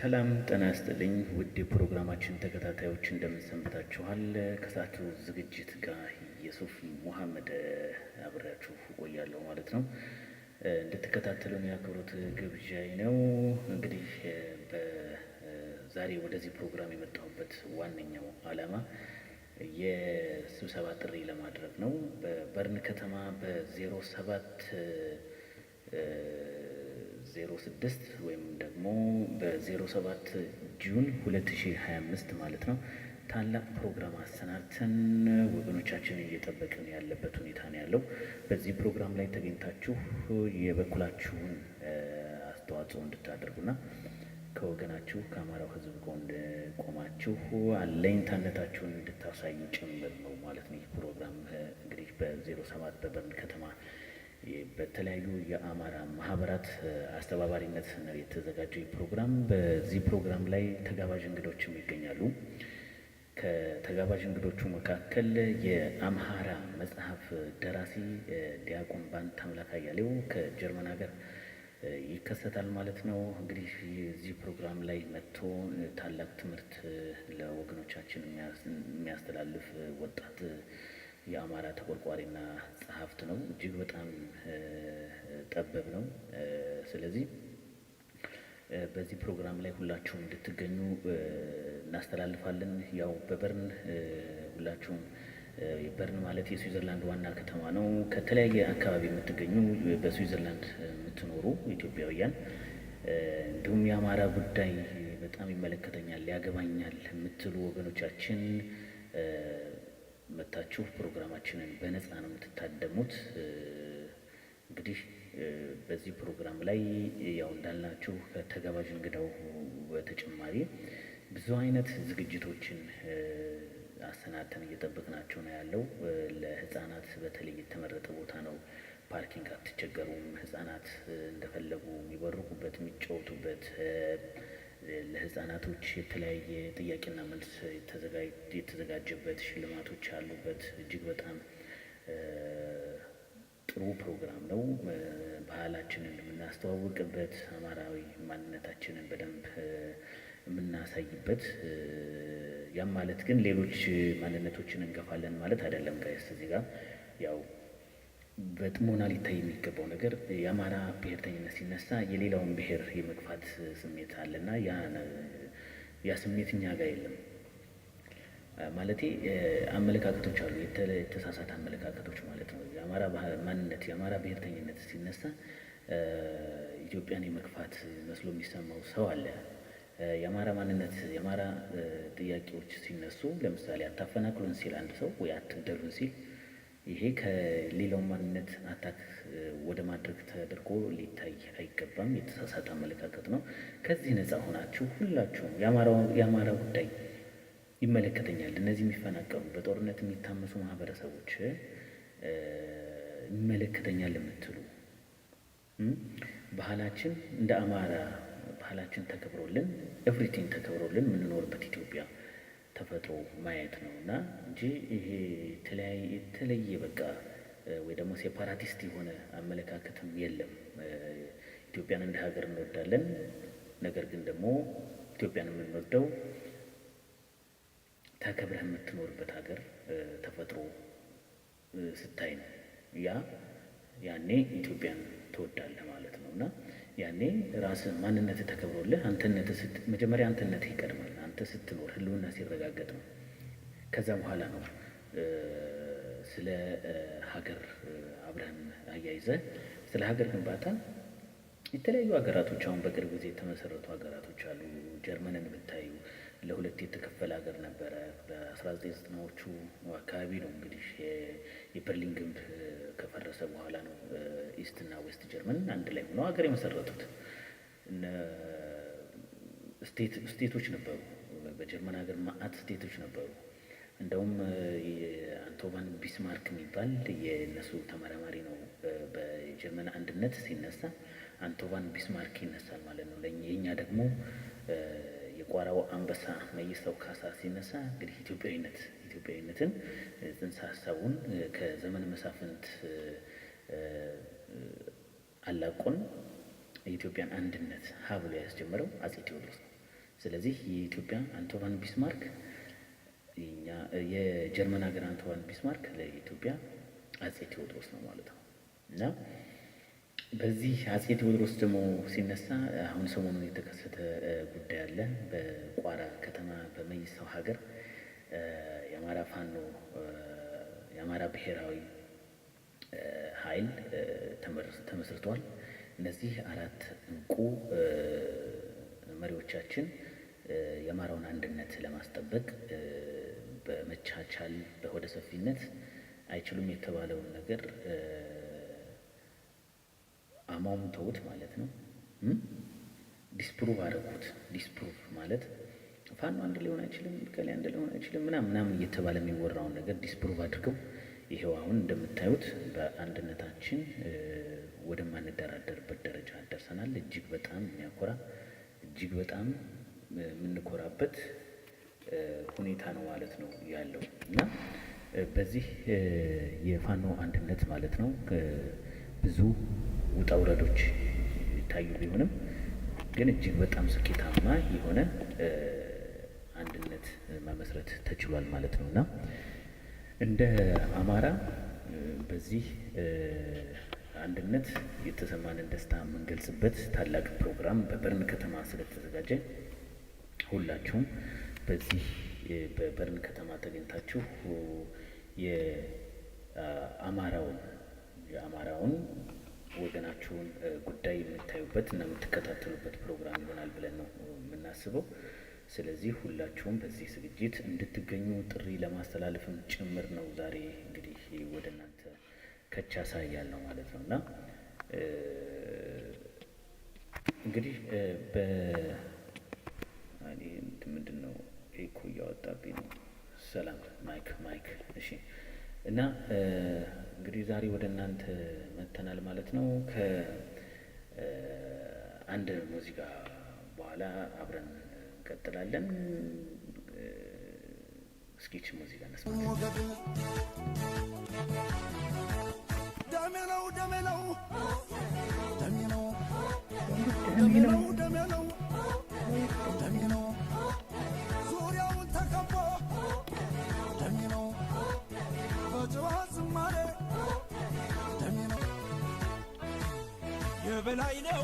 ሰላም ጤና ይስጥልኝ። ውድ ፕሮግራማችን ተከታታዮች እንደምንሰንብታችኋል። ከሰዓቱ ዝግጅት ጋር የሱፍ ሙሐመድ አብሬያችሁ ቆያለሁ ማለት ነው። እንድትከታተሉን የአክብሮት ግብዣይ ነው። እንግዲህ በዛሬ ወደዚህ ፕሮግራም የመጣሁበት ዋነኛው ዓላማ የስብሰባ ጥሪ ለማድረግ ነው። በበርን ከተማ በዜሮ ሰባት 06 ወይም ደግሞ በ07 ጁን 2025 ማለት ነው ታላቅ ፕሮግራም አሰናድተን ወገኖቻችንን እየጠበቅን ያለበት ሁኔታ ነው ያለው። በዚህ ፕሮግራም ላይ ተገኝታችሁ የበኩላችሁን አስተዋጽኦ እንድታደርጉና ከወገናችሁ ከአማራው ሕዝብ ጎን ቆማችሁ አለኝታነታችሁን እንድታሳዩ ጭምር ነው ማለት ነው። ይህ ፕሮግራም እንግዲህ በ07 በበርን ከተማ በተለያዩ የአማራ ማህበራት አስተባባሪነት ነው የተዘጋጀው ፕሮግራም። በዚህ ፕሮግራም ላይ ተጋባዥ እንግዶችም ይገኛሉ። ከተጋባዥ እንግዶቹ መካከል የአምሃራ መጽሐፍ ደራሲ ዲያቆን ባንታምላክ አያሌው ከጀርመን ሀገር ይከሰታል ማለት ነው። እንግዲህ እዚህ ፕሮግራም ላይ መጥቶ ታላቅ ትምህርት ለወገኖቻችን የሚያስተላልፍ ወጣት የአማራ ተቆርቋሪና ጸሐፍት ነው። እጅግ በጣም ጠበብ ነው። ስለዚህ በዚህ ፕሮግራም ላይ ሁላችሁም እንድትገኙ እናስተላልፋለን። ያው በበርን ሁላችሁም በርን ማለት የስዊዘርላንድ ዋና ከተማ ነው። ከተለያየ አካባቢ የምትገኙ በስዊዘርላንድ የምትኖሩ ኢትዮጵያውያን እንዲሁም የአማራ ጉዳይ በጣም ይመለከተኛል፣ ያገባኛል የምትሉ ወገኖቻችን መታችሁ ፕሮግራማችንን በነፃ ነው የምትታደሙት። እንግዲህ በዚህ ፕሮግራም ላይ ያው እንዳልናችሁ ከተጋባዥ እንግዳው በተጨማሪ ብዙ አይነት ዝግጅቶችን አሰናድተን እየጠበቅናቸው ነው ያለው። ለህፃናት በተለይ የተመረጠ ቦታ ነው። ፓርኪንግ አትቸገሩም። ህፃናት እንደፈለጉ የሚበርቁበት የሚጫወቱበት ለህፃናቶች የተለያየ ጥያቄና መልስ የተዘጋጀበት ሽልማቶች ያሉበት እጅግ በጣም ጥሩ ፕሮግራም ነው። ባህላችንን የምናስተዋውቅበት፣ አማራዊ ማንነታችንን በደንብ የምናሳይበት ያም ማለት ግን ሌሎች ማንነቶችን እንገፋለን ማለት አይደለም። ጋይስ እዚህ ጋር ያው በጥሞና ሊታይ የሚገባው ነገር የአማራ ብሔርተኝነት ሲነሳ የሌላውን ብሔር የመግፋት ስሜት አለና ያ ስሜት እኛ ጋር የለም። ማለቴ አመለካከቶች አሉ፣ የተሳሳተ አመለካከቶች ማለት ነው። የአማራ ማንነት የአማራ ብሔርተኝነት ሲነሳ ኢትዮጵያን የመግፋት መስሎ የሚሰማው ሰው አለ። የአማራ ማንነት የአማራ ጥያቄዎች ሲነሱ ለምሳሌ አታፈናቅሉን ሲል አንድ ሰው ወይ አትግደሉን ሲል ይሄ ከሌላው ማንነት አታክ ወደ ማድረግ ተደርጎ ሊታይ አይገባም። የተሳሳተ አመለካከት ነው። ከዚህ ነፃ ሆናችሁ ሁላችሁም የአማራ ጉዳይ ይመለከተኛል፣ እነዚህ የሚፈናቀሉ በጦርነት የሚታመሱ ማህበረሰቦች ይመለከተኛል የምትሉ ባህላችን እንደ አማራ ባህላችን ተከብሮልን ኤቭሪቲንግ ተከብሮልን የምንኖርበት ኢትዮጵያ ተፈጥሮ ማየት ነው እና እንጂ ይሄ የተለየ በቃ ወይ ደግሞ ሴፓራቲስት የሆነ አመለካከትም የለም። ኢትዮጵያን እንደ ሀገር እንወዳለን። ነገር ግን ደግሞ ኢትዮጵያን የምንወደው ተከብረህ የምትኖርበት ሀገር ተፈጥሮ ስታይ ነው። ያ ያኔ ኢትዮጵያን ትወዳለህ ማለት ነው እና ያኔ ራስ ማንነት ተከብሮልህ አንተነትህ መጀመሪያ ይቀድማል። አንተ ስትኖር ህልውና ሲረጋገጥ ነው። ከዛ በኋላ ነው ስለ ሀገር አብረን አያይዘ ስለ ሀገር ግንባታ የተለያዩ ሀገራቶች አሁን በቅርብ ጊዜ የተመሰረቱ ሀገራቶች አሉ። ጀርመንን ብታዩ ለሁለት የተከፈለ ሀገር ነበረ። በ በ1990ዎቹ አካባቢ ነው እንግዲህ የበርሊን ግንብ ከፈረሰ በኋላ ነው ኢስት እና ዌስት ጀርመን አንድ ላይ ሆነው ሀገር የመሰረቱት ስቴቶች ነበሩ። በጀርመን ሀገር ማአት ስቴቶች ነበሩ። እንደውም አንቶቫን ቢስማርክ የሚባል የእነሱ ተመራማሪ ነው። በጀርመን አንድነት ሲነሳ አንቶቫን ቢስማርክ ይነሳል ማለት ነው። የእኛ ደግሞ የቋራው አንበሳ መይሰው ካሳ ሲነሳ እንግዲህ ኢትዮጵያዊነት ኢትዮጵያዊነትን ጽንሰ ሀሳቡን ከዘመን መሳፍንት አላቆን የኢትዮጵያን አንድነት ሀ ብሎ ያስጀመረው አጼ ቴዎድሮስ ስለዚህ የኢትዮጵያ አንቶቫን ቢስማርክ የጀርመን ሀገር አንቶቫን ቢስማርክ ለኢትዮጵያ አጼ ቴዎድሮስ ነው ማለት ነው እና በዚህ አጼ ቴዎድሮስ ደግሞ ሲነሳ አሁን ሰሞኑን የተከሰተ ጉዳይ አለ። በቋራ ከተማ በመይሳው ሀገር የአማራ ፋኖ የአማራ ብሔራዊ ኃይል ተመስርቷል። እነዚህ አራት እንቁ መሪዎቻችን የአማራውን አንድነት ለማስጠበቅ በመቻቻል በሆደ ሰፊነት አይችሉም የተባለውን ነገር አሟሙተውት ማለት ነው። ዲስፕሩቭ አደረጉት። ዲስፕሩቭ ማለት ፋኖ አንድ ሊሆን አይችልም፣ ከላይ አንድ ሊሆን አይችልም ምናምን ምናምን እየተባለ የሚወራውን ነገር ዲስፕሩቭ አድርገው ይሄው አሁን እንደምታዩት በአንድነታችን ወደማንደራደርበት ደረጃ ደርሰናል። እጅግ በጣም የሚያኮራ እጅግ በጣም የምንኮራበት ሁኔታ ነው ማለት ነው ያለው እና በዚህ የፋኖ አንድነት ማለት ነው ብዙ ውጣ ውረዶች ይታዩ ቢሆንም ግን እጅግ በጣም ስኬታማ የሆነ አንድነት መመስረት ተችሏል ማለት ነው እና እንደ አማራ በዚህ አንድነት የተሰማንን ደስታ የምንገልጽበት ታላቅ ፕሮግራም በበርን ከተማ ስለተዘጋጀ ሁላችሁም በዚህ በበርን ከተማ ተገኝታችሁ የአማራውን የአማራውን ወገናችሁን ጉዳይ የምታዩበት እና የምትከታተሉበት ፕሮግራም ይሆናል ብለን ነው የምናስበው። ስለዚህ ሁላችሁም በዚህ ዝግጅት እንድትገኙ ጥሪ ለማስተላለፍም ጭምር ነው ዛሬ እንግዲህ ወደ እናንተ ከቻሳ ያልነው ማለት ነው እና እንግዲህ ምንድን ነው እኮ እያወጣብኝ ነው። ሰላም ማይክ ማይክ። እሺ እና እንግዲህ ዛሬ ወደ እናንተ መተናል ማለት ነው። ከአንድ ሙዚቃ በኋላ አብረን እንቀጥላለን። ስኬች ሙዚቃ ነስማት ደሜነው ደሜነው ደሜነው ደሜነው በላይ ነው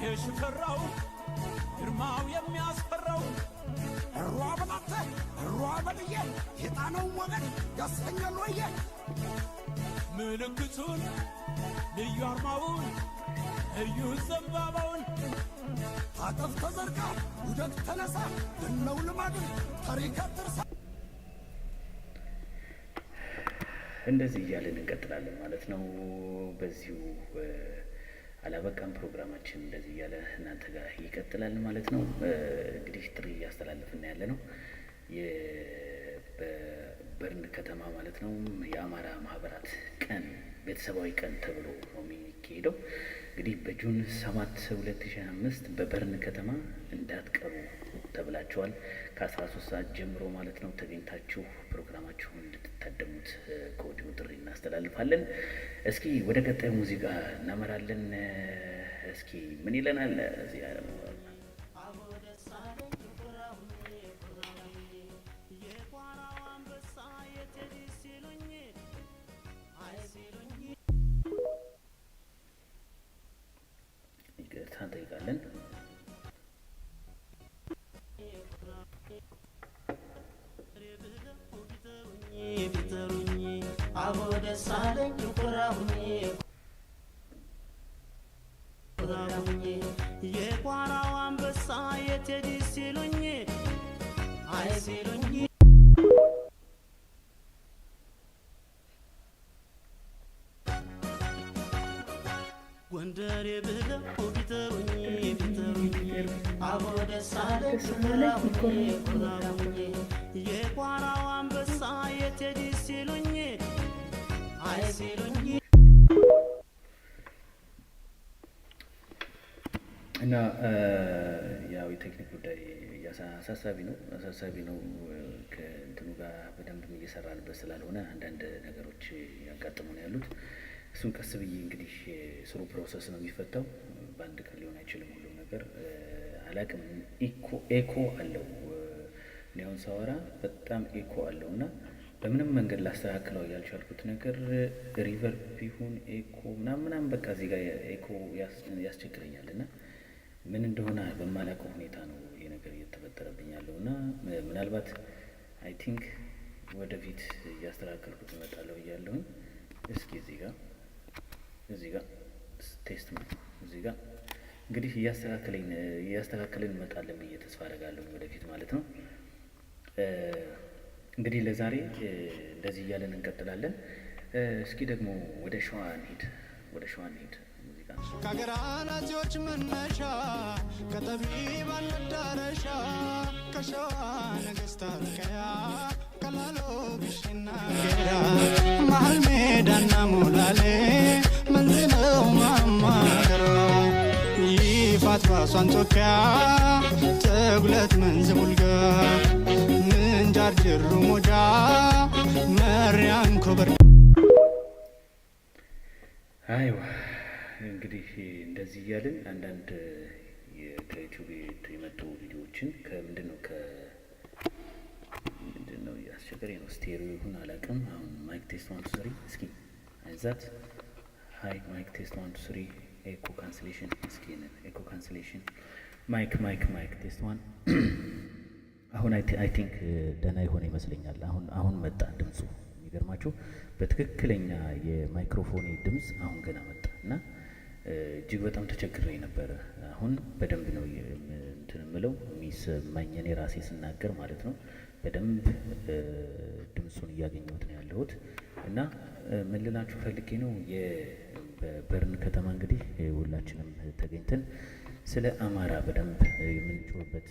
የሽፈራው ግርማው የሚያስፈራው እሯ በላተ እሯ በልዬ የጣነው ወገን ያሰኛል ወየ ምልክቱን ልዩ አርማውን እዩ ዘንባባውን አጠፍ ተዘርጋ ውደት ተነሳ ብነው ልማድን ታሪከ ትርሳ እንደዚህ እያለን እንቀጥላለን ማለት ነው በዚሁ አላበቃም። ፕሮግራማችን እንደዚህ እያለ እናንተ ጋር ይቀጥላል ማለት ነው። እንግዲህ ጥሪ እያስተላለፍና ያለ ነው በበርን ከተማ ማለት ነው የአማራ ማህበራት ቀን ቤተሰባዊ ቀን ተብሎ ነው የሚካሄደው። እንግዲህ በጁን ሰባት ሁለት ሺህ አምስት በበርን ከተማ እንዳትቀሩ ተብላችኋል። ከአስራ ሶስት ሰዓት ጀምሮ ማለት ነው ተገኝታችሁ ፕሮግራማችሁን እንድትታደሙት ከወዲሁ ጥሪ እናስተላልፋለን። እስኪ ወደ ቀጣይ ሙዚቃ እናመራለን። እስኪ ምን ይለናል እዚህ አቦ ደሳለኝ ኩራሁኜ ኩራሁኜ የቋራው አንበሳ የቴዲ ሲሉኝ አይ ሲሉኝ ጎንደሬ ብለው ቢጠሩኝ ቢጠሩኝ አቦ ደሳለኝ ኩራሁኜ ኩራሁኜ ያው የቴክኒክ ጉዳይ አሳሳቢ ነው አሳሳቢ ነው። ከእንትኑ ጋር በደንብ እየሰራንበት ስላልሆነ አንዳንድ ነገሮች ያጋጥሙ ነው ያሉት። እሱን ቀስ ብዬ እንግዲህ ስሩ ፕሮሰስ ነው የሚፈታው። በአንድ ቀን ሊሆን አይችልም። ሁሉም ነገር አላቅም ኤኮ አለው። ሊሆን አሁን ሳወራ በጣም ኤኮ አለው እና በምንም መንገድ ላስተካክለው ያልቻልኩት ነገር ሪቨር ቢሆን ኤኮ ምናምን ምናምን በቃ እዚህ ጋር ኤኮ ያስቸግረኛል እና ምን እንደሆነ በማላውቀው ሁኔታ ነው ይሄ ነገር እየተፈጠረብኝ ያለው እና ምናልባት አይ ቲንክ ወደፊት እያስተካከልኩት እመጣለሁ እያለሁኝ እስኪ እዚህ ጋር እዚህ ቴስት ነው እዚህ ጋ እንግዲህ እያስተካከለኝ እያስተካከልን እንመጣለን ብዬ ተስፋ አደርጋለሁ ወደፊት ማለት ነው። እንግዲህ ለዛሬ እንደዚህ እያለን እንቀጥላለን። እስኪ ደግሞ ወደ ሸዋ እንሂድ፣ ወደ ሸዋ እንሂድ። ከሀገር አናጺዎች መነሻ ከጠቢባን መዳረሻ ከሸዋ ነገስታት ቀያ ከላሎ ግሽና ጌራ መሀል ሜዳና ሞላሌ መንዝነው ማማገሯ ይፋት ራሷ አንጾኪያ ተጉለት መንዝ ሙልጋ ምንጃር ጅሩ ሞጃ መሪያን ኮበር አይዋ እንግዲህ እንደዚህ እያልን አንዳንድ ከዩቲዩብ የመጡ ቪዲዮዎችን ከምንድን ነው ከምንድን ነው አስቸጋሪ ነው። ስቴሪዮ ይሁን አላውቅም። አሁን ማይክ ቴስት ዋን ቱ ስሪ እስኪ አይዛት ሀይ ማይክ ቴስት ዋን ቱ ስሪ ኤኮ ካንስሌሽን እስኪ ኤኮ ካንስሌሽን ማይክ ማይክ ማይክ ቴስት ዋን አሁን አይ ቲንክ ደህና የሆነ ይመስለኛል። አሁን አሁን መጣ ድምፁ። የሚገርማችሁ በትክክለኛ የማይክሮፎኔ ድምፅ አሁን ገና መጣ እና እጅግ በጣም ተቸግሬ ነበረ። አሁን በደንብ ነው እንትን የምለው የሚሰማኝን የራሴ ስናገር ማለት ነው። በደንብ ድምፁን እያገኘሁት ነው ያለሁት እና ምን ልላችሁ ፈልጌ ነው በበርን ከተማ እንግዲህ ሁላችንም ተገኝተን ስለ አማራ በደንብ የምንጮህበት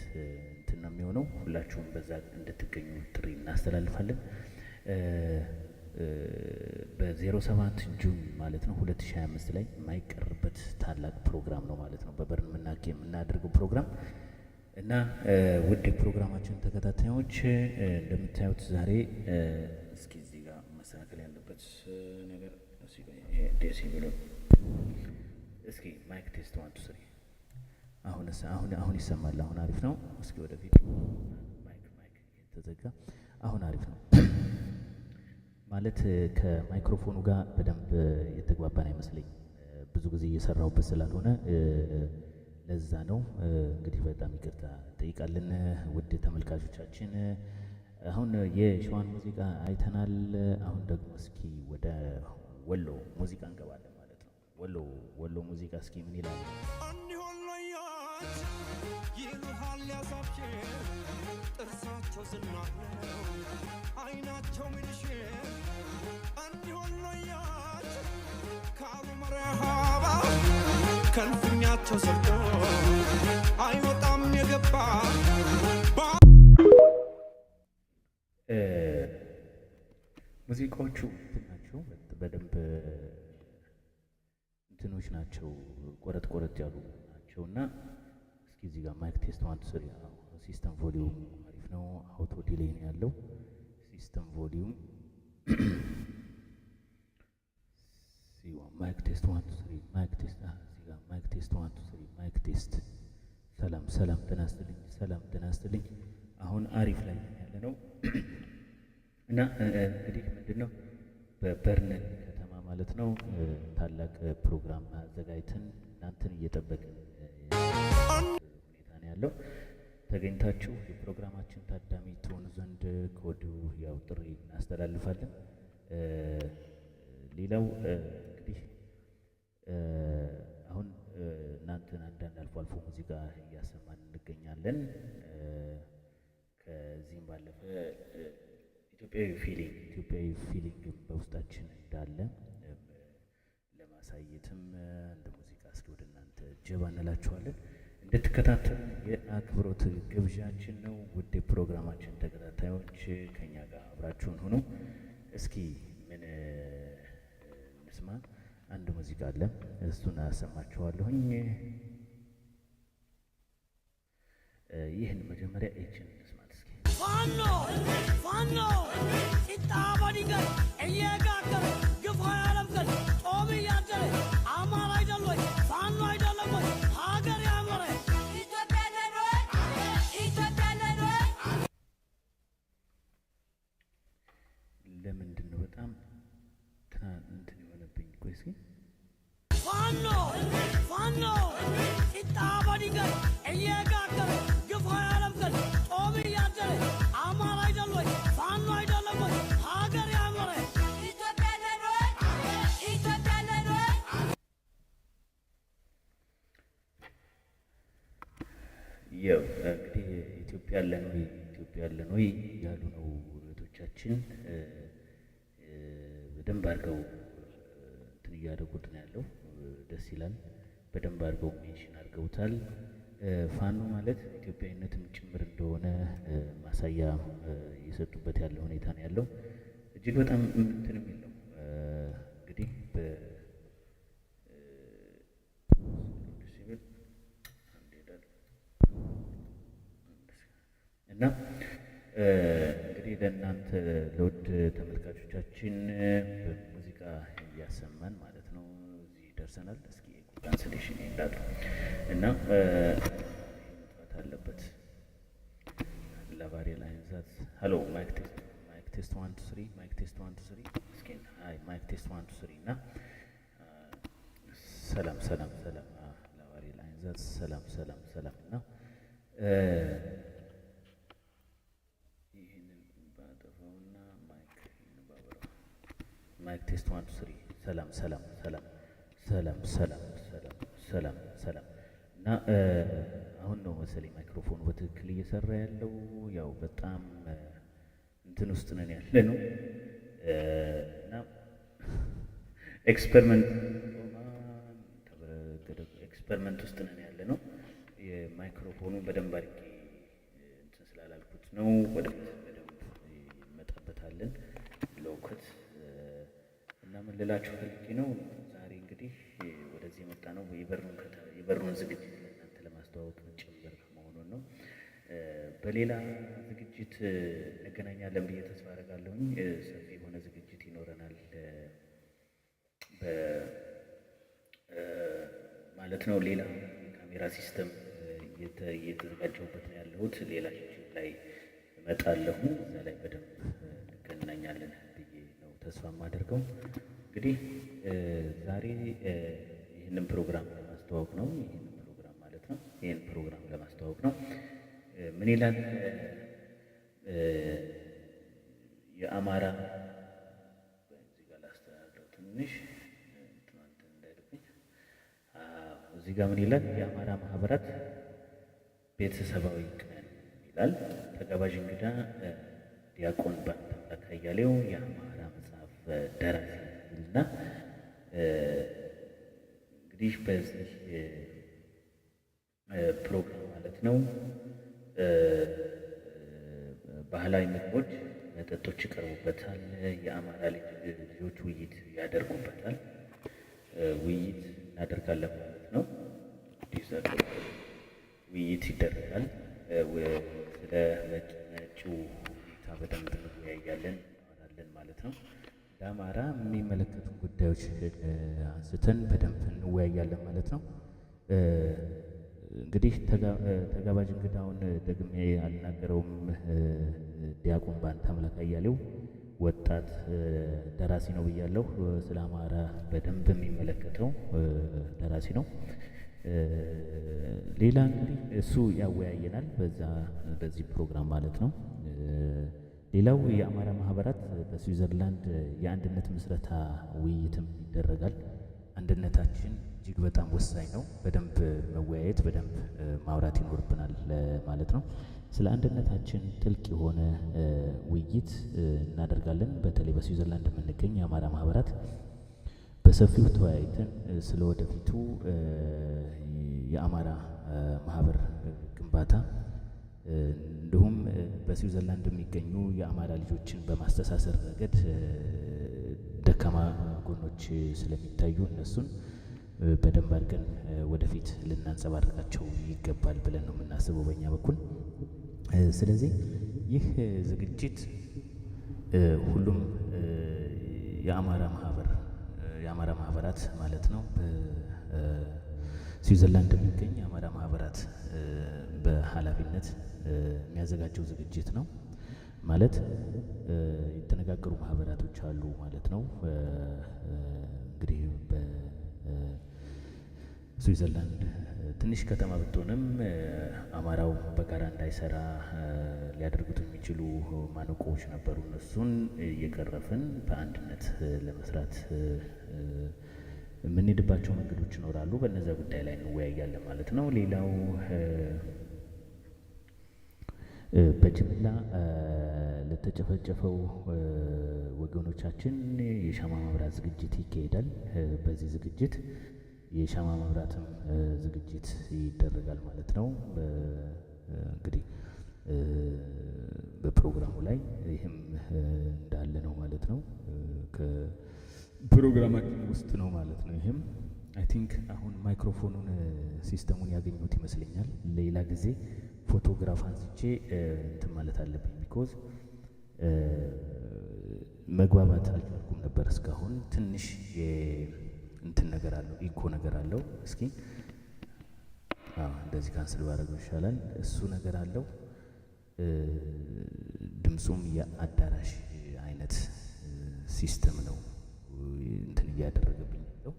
እንትን ነው የሚሆነው። ሁላችሁም በዛ እንድትገኙ ጥሪ እናስተላልፋለን። በ07 ጁን ማለት ነው 2025 ላይ የማይቀርበት ታላቅ ፕሮግራም ነው ማለት ነው። በበርን ምናክ የምናደርገው ፕሮግራም እና ውድ ፕሮግራማችን ተከታታዮች እንደምታዩት ዛሬ እስኪ እዚህ ጋር መስተካከል ያለበት ነገር ደስ ብሎ እስኪ ማይክ ቴስት ዋን ቱ ስሪ። አሁን አሁን አሁን ይሰማል። አሁን አሪፍ ነው። እስኪ ወደፊት ማይክ ማይክ ተዘጋ። አሁን አሪፍ ነው። ማለት ከማይክሮፎኑ ጋር በደንብ የተግባባን አይመስለኝ ብዙ ጊዜ እየሰራሁበት ስላልሆነ ለዛ ነው። እንግዲህ በጣም ይቅርታ እንጠይቃለን። ውድ ተመልካቾቻችን አሁን የሸዋን ሙዚቃ አይተናል። አሁን ደግሞ እስኪ ወደ ወሎ ሙዚቃ እንገባለን ማለት ነው። ወሎ ወሎ ሙዚቃ እስኪ ምን ይላል? ይሉሃል ያሳብሽ ጥርሳቸው ዝናር አይናቸው ምንሽ አንዲሆሎያች ካሉ መረሃባ ከልፍኛቸው ሰርቶ አይወጣም የገባ ሙዚቃዎቹ ናቸው። በደንብ እንትኖች ናቸው። ቆረጥ ቆረጥ ያሉ ናቸው እና እዚህ ጋር ማይክ ቴስት ዋን ቱ ሲስተም ቮሊዩም አሪፍ ነው። አውቶ ዲሌይ ነው ያለው። ሲስተም ቮሊዩም ማይክ ቴስት ዋን ቱ ማይክ ቴስት እዚህ ጋር ማይክ ቴስት ዋን ቱ ማይክ ቴስት። ሰላም ሰላም፣ ጤና ይስጥልኝ። ሰላም ጤና ሰላም ጤና አሁን አሪፍ ላይ ያለ ነው እና እንግዲህ ምንድን ነው በበርሊን ከተማ ማለት ነው ታላቅ ፕሮግራም አዘጋጅተን እናንተን እየጠበቅን ያለው ተገኝታችሁ የፕሮግራማችን ታዳሚ ትሆኑ ዘንድ ከወዲሁ ያው ጥሪ እናስተላልፋለን። ሌላው እንግዲህ አሁን እናንተን አንዳንድ አልፎ አልፎ ሙዚቃ እያሰማን እንገኛለን። ከዚህም ባለፈ ኢትዮጵያዊ ፊሊንግ ኢትዮጵያዊ ፊሊንግ በውስጣችን እንዳለ ለማሳየትም እንደ ሙዚቃ እስኪ ወደ እናንተ ጀባ እንላችኋለን። እንድትከታተሉ የአክብሮት ግብዣችን ነው። ውድ ፕሮግራማችን ተከታታዮች ከኛ ጋር አብራችሁን ሁኑ። እስኪ ምን እንስማ? አንድ ሙዚቃ አለ፣ እሱን አሰማችኋለሁኝ። ይህን መጀመሪያ ይችን ልጆችን በደንብ አድርገው እንትን እያደረጉት ነው ያለው። ደስ ይላል። በደንብ አድርገው ሜንሽን አድርገውታል። ፋኖ ማለት ኢትዮጵያዊነትም ጭምር እንደሆነ ማሳያ እየሰጡበት ያለ ሁኔታ ነው ያለው። እጅግ በጣም እንትን የሚል ነው እንግዲህ እና እንግዲህ ለእናንተ ለውድ ተመልካቾቻችን በሙዚቃ እያሰማን ማለት ነው እዚህ ደርሰናል። እስኪ ካንስሌሽን ይንዳሉ እና ጥፋት አለበት ለባሪ ላይንዛት ዛት ማይክ ቴስት ማይክ ቴስት ዋን ቱ ስሪ ማይክ ቴስት ዋን ቱ ስሪ እስኪ አይ ማይክ ቴስት ዋን ቱ ስሪ እና ሰላም ሰላም ሰላም ለባሪ ላይንዛት ሰላም ሰላም ሰላም እና ማይክ ቴስት ዋን ቱ ስሪ። ሰላም ሰላም ሰላም ሰላም ሰላም ሰላም ሰላም ሰላም። እና አሁን ነው መሰለኝ ማይክሮፎኑ በትክክል እየሰራ ያለው። ያው በጣም እንትን ውስጥ ነን ያለ ነው እና ኤክስፐሪመንት ኤክስፐሪመንት ውስጥ ነን ያለ ነው። የማይክሮፎኑ በደንብ አድርጌ እንትን ስላላልኩት ነው። ወደፊት በደንብ እንመጣበታለን ለውከት ልላችሁ ፈልጌ ነው። ዛሬ እንግዲህ ወደዚህ የመጣ ነው የበሩን ዝግጅት ለእናንተ ለማስተዋወቅ ጭምር መሆኑን ነው። በሌላ ዝግጅት እንገናኛለን ብዬ ተስፋ አደርጋለሁኝ። ሰፊ የሆነ ዝግጅት ይኖረናል ማለት ነው። ሌላ የካሜራ ሲስተም እየተዘጋጀሁበት ነው ያለሁት። ሌላ ዩቲዩብ ላይ እመጣለሁ። እዛ ላይ በደንብ እንገናኛለን ብዬ ነው ተስፋ የማደርገው። እንግዲህ ዛሬ ይህንን ፕሮግራም ለማስተዋወቅ ነው። ይህንን ፕሮግራም ማለት ነው። ይህን ፕሮግራም ለማስተዋወቅ ነው። ምን ይላል የአማራ ትንሽ እዚህ ጋር ምን ይላል የአማራ ማህበራት ቤተሰባዊ ቀን ይላል። ተጋባዥ እንግዳ ዲያቆን ባንተ አያሌው የአማራ መጽሐፍ ደራሲ ነው። እና እንግዲህ በዚህ ፕሮግራም ማለት ነው ባህላዊ ምግቦች፣ መጠጦች ይቀርቡበታል። የአማራ ልጆች ውይይት ያደርጉበታል። ውይይት እናደርጋለን ማለት ነው። ውይይት ይደረጋል። ስለ መጪው ሁኔታ በደንብ እንወያያለን፣ እናወራለን ማለት ነው። ለአማራ የሚመለከቱ ጉዳዮች አንስተን በደንብ እንወያያለን ማለት ነው። እንግዲህ ተጋባዥ እንግዳውን ደግሜ አልናገረውም። ዲያቆን ባንተአምላክ አያሌው ወጣት ደራሲ ነው ብያለሁ። ስለ አማራ በደንብ የሚመለከተው ደራሲ ነው። ሌላ እንግዲህ እሱ ያወያየናል በዛ በዚህ ፕሮግራም ማለት ነው። ሌላው የአማራ ማህበራት በስዊዘርላንድ የአንድነት ምስረታ ውይይትም ይደረጋል። አንድነታችን እጅግ በጣም ወሳኝ ነው። በደንብ መወያየት፣ በደንብ ማውራት ይኖርብናል ማለት ነው። ስለ አንድነታችን ጥልቅ የሆነ ውይይት እናደርጋለን። በተለይ በስዊዘርላንድ የምንገኝ የአማራ ማህበራት በሰፊው ተወያይተን ስለ ወደፊቱ የአማራ ማህበር ግንባታ እንዲሁም በስዊዘርላንድ የሚገኙ የአማራ ልጆችን በማስተሳሰር ረገድ ደካማ ጎኖች ስለሚታዩ እነሱን በደንብ አድርገን ወደፊት ልናንጸባርቃቸው ይገባል ብለን ነው የምናስበው በእኛ በኩል። ስለዚህ ይህ ዝግጅት ሁሉም የአማራ ማህበር የአማራ ማህበራት ማለት ነው ስዊዘርላንድ የሚገኝ የአማራ ማህበራት በኃላፊነት የሚያዘጋጀው ዝግጅት ነው። ማለት የተነጋገሩ ማህበራቶች አሉ ማለት ነው። እንግዲህ በስዊዘርላንድ ትንሽ ከተማ ብትሆንም አማራው በጋራ እንዳይሰራ ሊያደርጉት የሚችሉ ማነቆዎች ነበሩ። እነሱን እየቀረፍን በአንድነት ለመስራት የምንሄድባቸው መንገዶች ይኖራሉ። በነዛ ጉዳይ ላይ እንወያያለን ማለት ነው። ሌላው በጅምላ ለተጨፈጨፈው ወገኖቻችን የሻማ መብራት ዝግጅት ይካሄዳል። በዚህ ዝግጅት የሻማ መብራትም ዝግጅት ይደረጋል ማለት ነው። እንግዲህ በፕሮግራሙ ላይ ይህም እንዳለ ነው ማለት ነው። ፕሮግራማችን ውስጥ ነው ማለት ነው። ይህም አይ ቲንክ አሁን ማይክሮፎኑን ሲስተሙን ያገኙት ይመስለኛል። ሌላ ጊዜ ፎቶግራፍ አንስቼ እንትን ማለት አለብኝ። ቢኮዝ መግባባት አልቻልኩም ነበር እስካሁን። ትንሽ እንትን ነገር አለው፣ ኢኮ ነገር አለው። እስኪ እንደዚህ ካንስል ባደረገው ይሻላል። እሱ ነገር አለው። ድምፁም የአዳራሽ አይነት ሲስተም ነው። እንትን እያደረገብኝ ያለው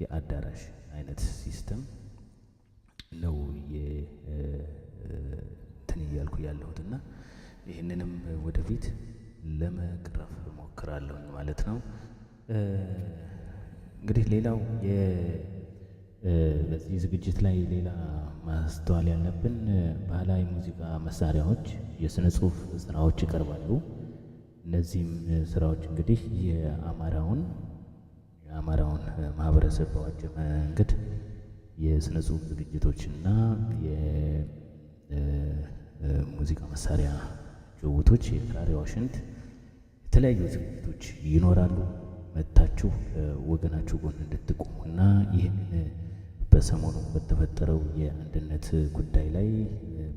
የአዳራሽ አይነት ሲስተም ነው እንትን እያልኩ ያለሁት እና ይህንንም ወደፊት ለመቅረፍ እሞክራለሁ ማለት ነው። እንግዲህ ሌላው በዚህ ዝግጅት ላይ ሌላ ማስተዋል ያለብን ባህላዊ ሙዚቃ መሳሪያዎች፣ የስነ ጽሁፍ ስራዎች ይቀርባሉ። እነዚህም ስራዎች እንግዲህ የአማራውን የአማራውን ማህበረሰብ በዋጀ መንገድ የስነ ጽሁፍ ዝግጅቶችና የሙዚቃ መሳሪያ ጭውቶች፣ የቃሪ ዋሽንት፣ የተለያዩ ዝግጅቶች ይኖራሉ። መታችሁ ወገናችሁ ጎን እንድትቆሙና ይህንን በሰሞኑ በተፈጠረው የአንድነት ጉዳይ ላይ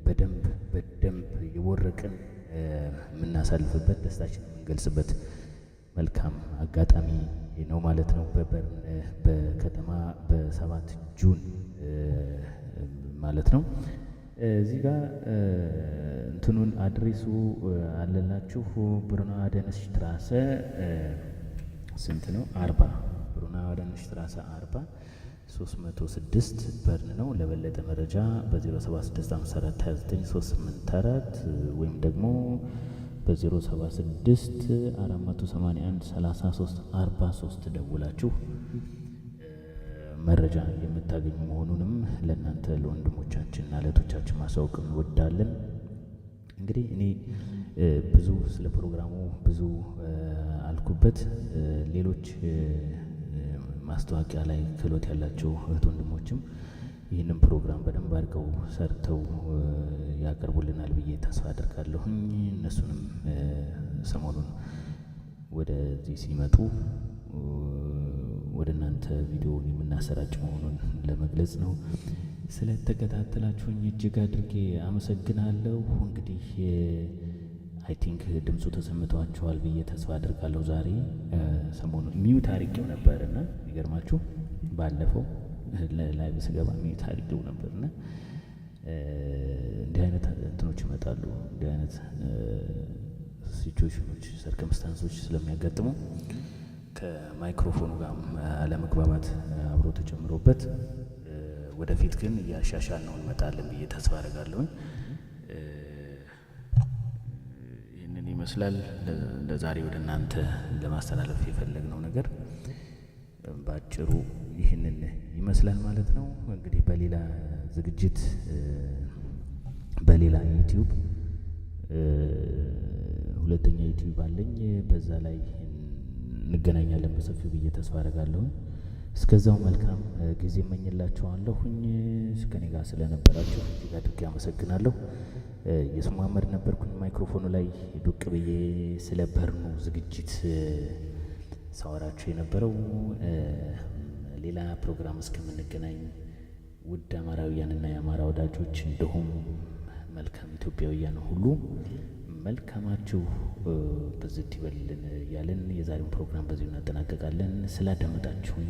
በደንብ በደንብ የወረቀን የምናሳልፍበት ደስታችን የምንገልጽበት መልካም አጋጣሚ ነው ማለት ነው። በከተማ በሰባት ጁን ማለት ነው። እዚህ ጋር እንትኑን አድሬሱ አለላችሁ። ብሩና ደንስ ትራሰ ስንት ነው? አርባ ብሩና ደንስ ትራሰ አርባ 306 በርን ነው። ለበለጠ መረጃ በ076542984 ወይም ደግሞ በ076 4813343 ደውላችሁ መረጃ የምታገኙ መሆኑንም ለእናንተ ለወንድሞቻችንና ለእህቶቻችን ማሳወቅ እንወዳለን። እንግዲህ እኔ ብዙ ስለ ፕሮግራሙ ብዙ አልኩበት ሌሎች ማስታወቂያ ላይ ክህሎት ያላቸው እህት ወንድሞችም ይህንን ፕሮግራም በደንብ አድርገው ሰርተው ያቀርቡልናል ብዬ ተስፋ አድርጋለሁኝ። እነሱንም ሰሞኑን ወደዚህ ሲመጡ ወደ እናንተ ቪዲዮውን የምናሰራጭ መሆኑን ለመግለጽ ነው። ስለተከታተላችሁኝ እጅግ አድርጌ አመሰግናለሁ። እንግዲህ አይ ቲንክ ድምፁ ተሰምቷቸዋል ብዬ ተስፋ አድርጋለሁ። ዛሬ ሰሞኑ ሚዩት አድርጌው ነበር እና ይገርማችሁ ባለፈው ላይቭ ስገባ ሚዩት አድርጌው ነበር እና እንዲህ አይነት እንትኖች ይመጣሉ። እንዲህ አይነት ሲቹዌሽኖች ሰርከምስታንሶች ስለሚያጋጥሙ ከማይክሮፎኑ ጋር አለመግባባት አብሮ ተጨምሮበት ወደፊት ግን እያሻሻል ነው እንመጣለን ብዬ ተስፋ አድርጋለሁኝ። ይመስላል። ለዛሬ ወደ እናንተ ለማስተላለፍ የፈለግነው ነገር በአጭሩ ይህንን ይመስላል ማለት ነው። እንግዲህ በሌላ ዝግጅት በሌላ ዩቲዩብ ሁለተኛ ዩቲዩብ አለኝ። በዛ ላይ እንገናኛለን በሰፊው ብዬ ተስፋ አደርጋለሁ። እስከዛው መልካም ጊዜ እመኝላችኋለሁኝ። ከኔ ጋር ስለነበራችሁ እጅግ አድርጌ አመሰግናለሁ። የስሙ አመድ ነበርኩኝ። ማይክሮፎኑ ላይ ዱቅ ብዬ ስለ በርኑ ዝግጅት ሳወራችሁ የነበረው ሌላ ፕሮግራም እስከምንገናኝ ውድ አማራውያንና የአማራ ወዳጆች እንዲሁም መልካም ኢትዮጵያውያን ሁሉ መልካማችሁ በዚህ ይበልልን እያልን የዛሬውን ፕሮግራም በዚሁ እናጠናቀቃለን። ስላደመጣችሁኝ